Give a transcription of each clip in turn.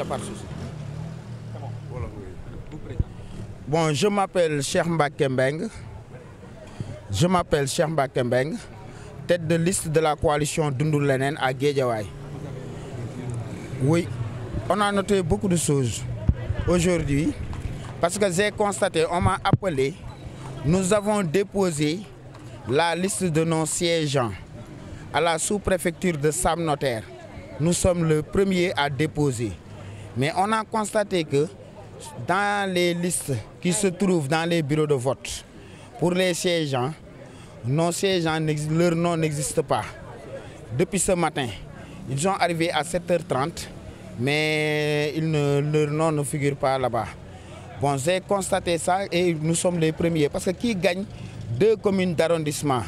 a pas de Bon, je m'appelle Mbak Kembeng. Je m'appelle Mbak Kembeng, tête de liste de la coalition Dundul à Guédiawaï. Oui, on a noté beaucoup de choses aujourd'hui parce que j'ai constaté, on m'a appelé, nous avons déposé la liste de nos siégeants à la sous-préfecture de Sam Notaire. Nous sommes le premier à déposer. Mais on a constaté que dans les listes qui se trouvent dans les bureaux de vote, pour les siégeants, hein, nos siégeants, hein, leur nom n'existe pas. Depuis ce matin, ils sont arrivés à 7h30, mais ne, leur nom ne figure pas là-bas. Bon, j'ai constaté ça et nous sommes les premiers. Parce que qui gagne deux communes d'arrondissement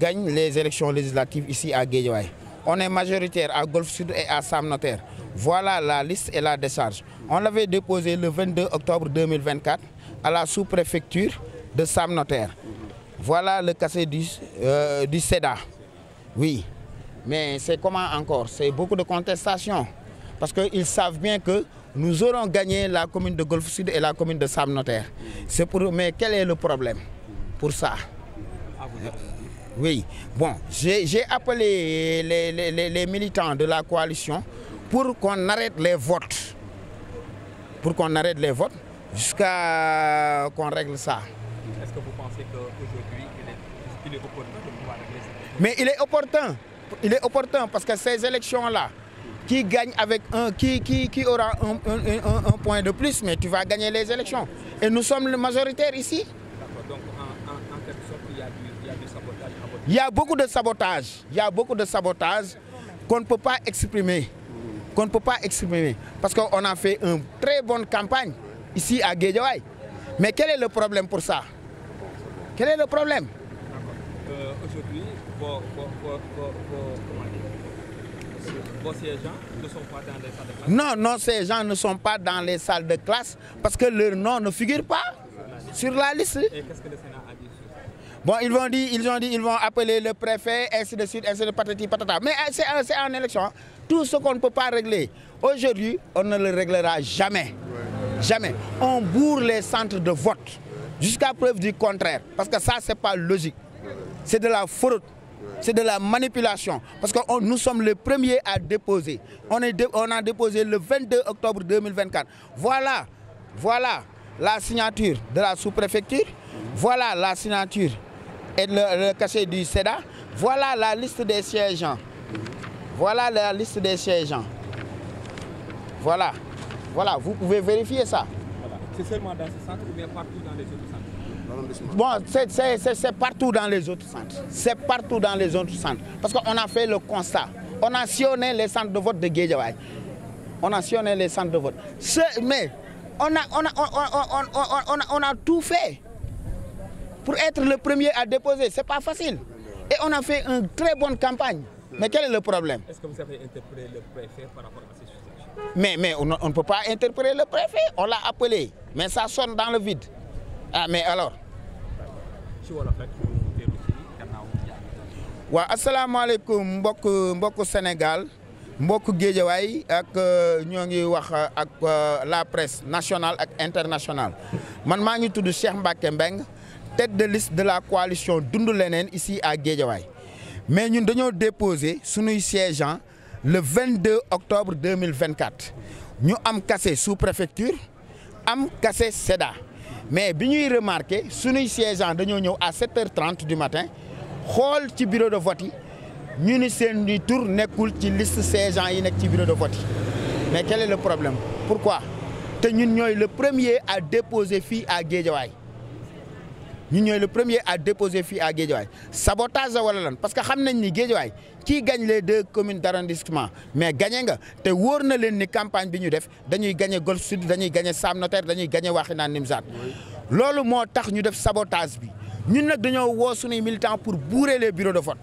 gagne les élections législatives ici à Guédiawaye. On est majoritaire à Golfe Sud et à Sam Notaire. Voilà la liste et la décharge. On l'avait déposée le 22 octobre 2024 à la sous-préfecture de Sam Notaire. Voilà le cassé euh, du, SEDA. Oui, mais c'est comment encore C'est beaucoup de contestations. Parce qu'ils savent bien que nous aurons gagné la commune de Golfe Sud et la commune de Sam Notaire. Pour... Mais quel est le problème pour ça ah, oui, bon, j'ai appelé les, militants de la coalition pour qu'on arrête les votes. Pour qu'on arrête les votes jusqu'à qu'on règle ça. Est-ce que vous pensez qu'aujourd'hui, il, est opportun de pouvoir régler ça Mais il est opportun. Il est opportun parce que ces élections-là, qui gagne avec un, qui, qui, aura un point de plus, mais tu vas gagner les élections. Et nous sommes le majoritaire ici. Il y a beaucoup de sabotage. Il y a beaucoup de sabotage qu'on ne peut pas exprimer. Qu'on ne peut pas exprimer. Parce qu'on a fait une très bonne campagne ici à Guédiouaï. Mais quel est le problème pour ça Quel est le problème euh, Aujourd'hui, vos, hein, ne sont pas dans les salles de classe Non, non, ces gens ne sont pas dans les salles de classe parce que leur nom ne figure pas sur la liste. Et qu'est-ce que le Bon, ils vont dire, ils ont dit, ils vont appeler le préfet, ainsi de suite, ainsi de patati patata. Mais euh, euh, c'est en élection. Hein. Tout ce qu'on ne peut pas régler aujourd'hui, on ne le réglera jamais. Jamais. On bourre les centres de vote jusqu'à preuve du contraire. Parce que ça, ce n'est pas logique. C'est de la fraude. C'est de la manipulation. Parce que nous sommes les premiers à déposer. On, on a déposé le 22 octobre 2024. Voilà, voilà la signature de la sous-préfecture. Voilà la signature et le, cachet du SEDA. Voilà la liste des sièges. Voilà la liste des sièges. Voilà. Voilà, vous pouvez vérifier ça. C'est seulement dans ce centre ou partout dans les autres centres c'est partout dans les autres centres. C'est partout dans les autres centres. Parce qu'on a fait le constat. On a sillonné les centres de vote de Guédiawaye. On a sillonné les centres de vote. mais on a tout fait. Pour être le premier à déposer, ce n'est pas facile. Et on a fait une très bonne campagne. Mais quel est le problème Est-ce que vous avez interprété le préfet par rapport à ces situations mais, mais on ne peut pas interpréter le préfet, on l'a appelé, mais ça sonne dans le vide. Ah, mais alors Assalamu alaikum, mbok mbok Sénégal mbok suis ak euh, ñoo ngi wax ak euh, la presse nationale et internationale man suis ngi Cheikh tête de liste de la coalition Dundu ici à Guédiawaye mais nous avons déposé suñuy siégeant le 22 octobre 2024 Nous avons cassé sous préfecture avons cassé SEDA mais nous avons remarqué suñuy siégeant dañoo à 7h30 du matin nous ci bureau de vote Nous ñu ni seen i tur liste de vote mais quel est le problème pourquoi Nous sommes le premier à déposer fi à Guédiawaye nous sommes le premier à déposer fi à Guédiouaï. sabotage la wala parce que xam nañ ni Guédiawaye qui gagne les deux communes d'arrondissement, mais gagné nga te wóor les leen ni campagne bi ñu def dañuy gagné Golf Sud dañuy gagné Sam Notaire dañuy gagné Wakhinane Nimzat. loolu moo tax ñu def sabotage bi ñun pas dañoo woo suñuy militants pour bourrer les bureaux de vote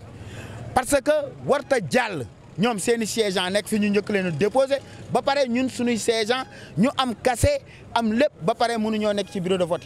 parce que warta jàll ñoom seen i siège nekk fi ñu njëkk leen déposer, déposé ba pare ñun suñuy siège ñu am kase am lépp ba pare mënuñoo nekk ci bureau de vote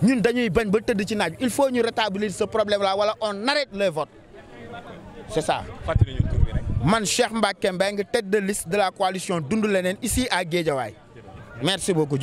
Nous dañuy bañ ba il faut nous rétablir ce problème là on arrête le vote. c'est ça. man Cheikh Mbacké tête de liste de la coalition Dundu ici à Guédiawaye merci beaucoup